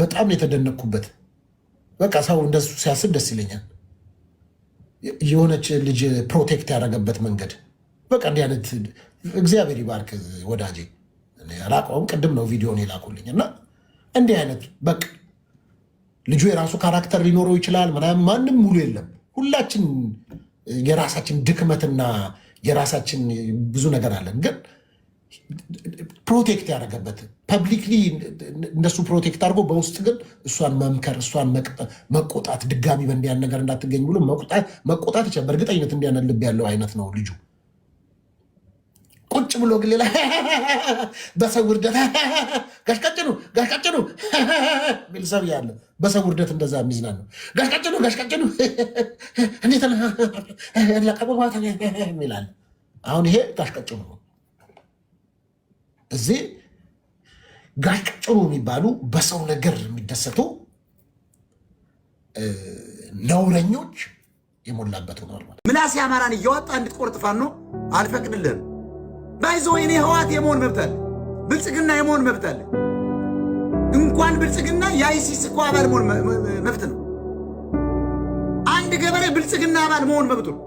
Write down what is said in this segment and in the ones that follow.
በጣም ነው የተደነቅኩበት። በቃ ሰው እንደሱ ሲያስብ ደስ ይለኛል። የሆነች ልጅ ፕሮቴክት ያደረገበት መንገድ በቃ እንዲህ አይነት እግዚአብሔር ይባርክ ወዳጄ። ራቀውም ቅድም ነው ቪዲዮን የላኩልኝ እና እንዲህ አይነት በቃ ልጁ የራሱ ካራክተር ሊኖረው ይችላል ምናምን። ማንም ሙሉ የለም። ሁላችን የራሳችን ድክመትና የራሳችን ብዙ ነገር አለን ግን ፕሮቴክት ያደረገበት ፐብሊክሊ እንደሱ ፕሮቴክት አድርጎ በውስጥ ግን እሷን መምከር እሷን መቆጣት ድጋሚ በእንዲያን ነገር እንዳትገኝ ብሎ መቆጣት ይቻላል። በእርግጠኝነት እንዲያነ ልብ ያለው አይነት ነው ልጁ። ቁጭ ብሎ ግን ሌላ በሰው ውርደት ጋሽቀጭኑ ጋሽቀጭኑ ሚል ሰብ ያለ በሰው ውርደት እንደዛ የሚዝናን ነው። ጋሽቀጭኑ ጋሽቀጭኑ እንዴት ሚላለ አሁን ይሄ ጋሽቀጭኑ ነው። እዚህ ጋጭሩ የሚባሉ በሰው ነገር የሚደሰቱ ነውረኞች የሞላበት ሆኗል ማለት ምላሴ አማራን እያወጣ እንድትቆርጥ ፋኖ አልፈቅድልህም። ባይዞ እኔ ህዋት የመሆን መብት አለ፣ ብልጽግና የመሆን መብት አለ። እንኳን ብልጽግና የአይሲስ እኮ አባል መሆን መብት ነው። አንድ ገበሬ ብልጽግና አባል መሆን መብቱ ነው።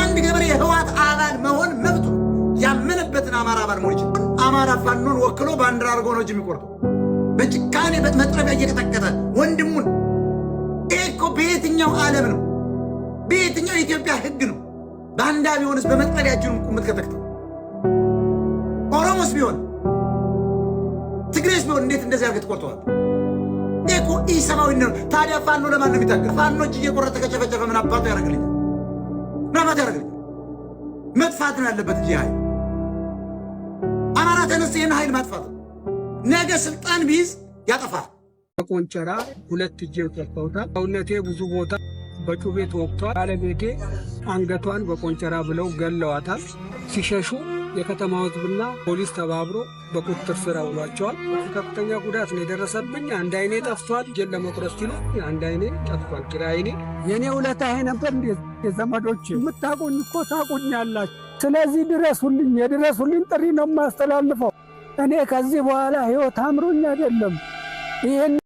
አንድ ገበሬ የህዋት አባል መሆን መብቱ ያመነበትን አማራ አባል መሆን የአማራ ፋኖን ወክሎ ባንዲራ አድርጎ ነው እጅ የሚቆርጠው በጭካኔ በመጥረቢያ እየቀጠቀጠ ወንድሙን። ይህ እኮ በየትኛው ዓለም ነው? በየትኛው የኢትዮጵያ ሕግ ነው? ባንዳ ቢሆንስ በመጥረቢያ እጁን የምትቀጠቅጠው? ኦሮሞስ ቢሆን ትግሬስ ቢሆን እንዴት እንደዚህ አድርገህ ትቆርጠዋል? ይህ እኮ ኢሰብአዊነት ነው። ታዲያ ፋኖ ለማን ነው የሚታገል? ፋኖ እጅ እየቆረጠ ከጨፈጨፈ ምን አባቱ ያደርግልኛል? ምን አባቱ ያደርግልኛል? መጥፋት ነው ያለበት እንጂ ተነስተ ይህን ኃይል ማጥፋት ነገ ስልጣን ቢይዝ ያጠፋል። ቆንጨራ ሁለት እጄ ጠፋውታል። ሰውነቴ ብዙ ቦታ በጩቤ ተወቅቷል። ባለቤቴ አንገቷን በቆንጨራ ብለው ገለዋታል። ሲሸሹ የከተማው ሕዝብና ፖሊስ ተባብሮ በቁጥጥር ስር አውሏቸዋል። ከፍተኛ ጉዳት ነው የደረሰብኝ። አንድ አይኔ ጠፍቷል። እጄን ለመቁረጥ ሲሉ አንድ አይኔ ጠፍቷል። ግራ አይኔ የእኔ ውለታ ይሄ ነበር። እንዴ የዘመዶች የምታቁኝ እኮ ታቁኝ ስለዚህ ድረሱልኝ፣ የድረሱልኝ ጥሪ ነው የማስተላልፈው። እኔ ከዚህ በኋላ ህይወት አምሮኝ አይደለም ይህን